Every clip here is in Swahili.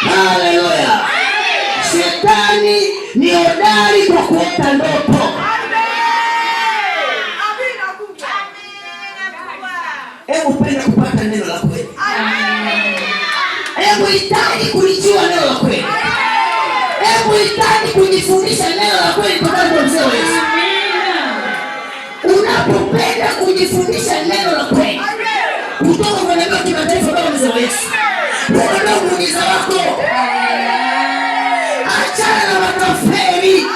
Haleluya! Shetani ni hodari kwa kuota ndoto. Hebu penda kupata neno la kweli, hebu hitaji kulijua neno la kweli, hebu hitaji kujifundisha neno la kweli kwa mzee wetu. Unapopenda kujifundisha neno la kweli kutoka kwenye kimataifa kama mzee wetu Pona na muujiza wako, achana na matafeli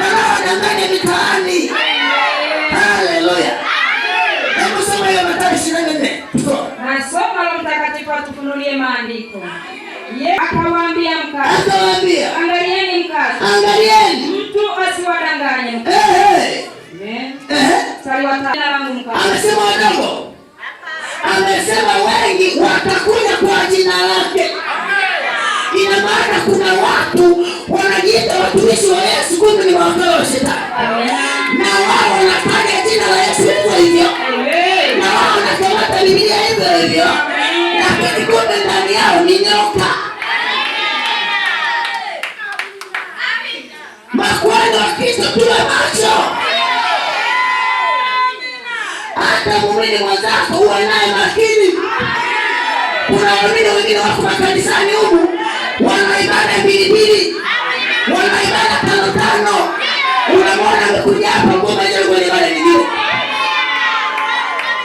wanaodanganya mitaani. Haleluya! Hebu soma hiyo Mathayo ishirini na nne. Nasoma Roho Mtakatifu atufunulie maandiko. Akawaambia mkazi, akawaambia angalieni, mkazi, angalieni mtu asiwadanganye. Ehe, ehe, anasema wadango amesema wengi watakuja kwa jina lake. Ina maana kuna watu wanajiita watumishi wa Yesu, kumbe ni waokoe wa shetani, na wao wanataja jina la Yesu hivyo hivyo, na wao wanakamata Biblia hivyo hivyo, lakini kumbe ndani yao ni nyoka. Makwenda wa Kristo tuwe macho hata muumini mwenzako naye makini. Kuna waumini wengine wako makanisani humu wana ibada mbili mbili, wana ibada tano tano. Unamwona amekuja hapa ngoma jangu na ibada nyingine.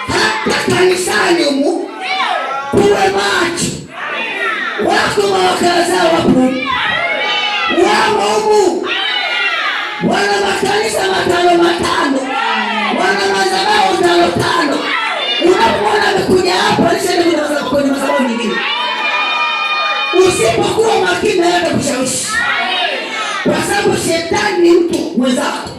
Hata kanisani humu kuwe macho, wako mawakala zao wakuu wamo humu, wana makanisa matano matano kuja hapa kwenye madhabahu nyingine, usipokuwa makini hata kushawishi, kwa sababu shetani ni mtu mwenzako